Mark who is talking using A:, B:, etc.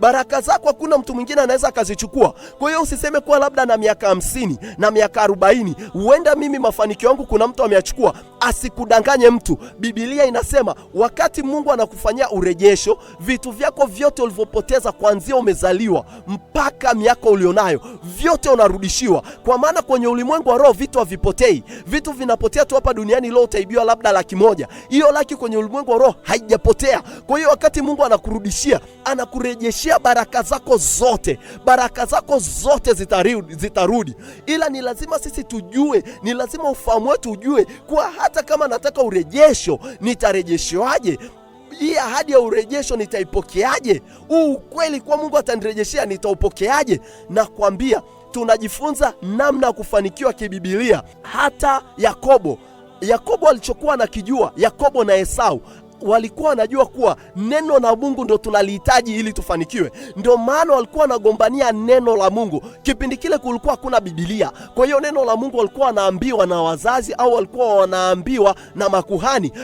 A: baraka zako hakuna mtu mwingine anaweza akazichukua. Kwa hiyo usiseme kuwa labda na miaka hamsini na miaka arobaini huenda mimi mafanikio yangu kuna mtu ameyachukua asikudanganye mtu. Biblia inasema wakati Mungu anakufanyia urejesho, vitu vyako vyote ulivyopoteza kuanzia umezaliwa mpaka miaka ulionayo, vyote unarudishiwa, kwa maana kwenye ulimwengu wa roho vitu havipotei. Vitu vinapotea tu hapa duniani. Leo utaibiwa labda laki moja, hiyo laki kwenye ulimwengu wa roho haijapotea. Kwa hiyo wakati Mungu anakurudishia, anakurejeshea baraka zako zote, baraka zako zote zitarudi, zitarudi. Ila ni lazima sisi tujue, ni lazima ufahamu wetu ujue kuwa hata hata kama nataka urejesho nitarejeshwaje? Hii ahadi ya urejesho nitaipokeaje? Huu ukweli kwa Mungu atanirejeshea nitaupokeaje? Nakwambia tunajifunza namna ya kufanikiwa kibibilia. Hata Yakobo, Yakobo alichokuwa anakijua Yakobo na Esau walikuwa wanajua kuwa neno la Mungu ndo tunalihitaji ili tufanikiwe. Ndio maana walikuwa wanagombania neno la Mungu. Kipindi kile kulikuwa hakuna Bibilia, kwa hiyo neno la Mungu walikuwa wanaambiwa na wazazi au walikuwa wanaambiwa na makuhani.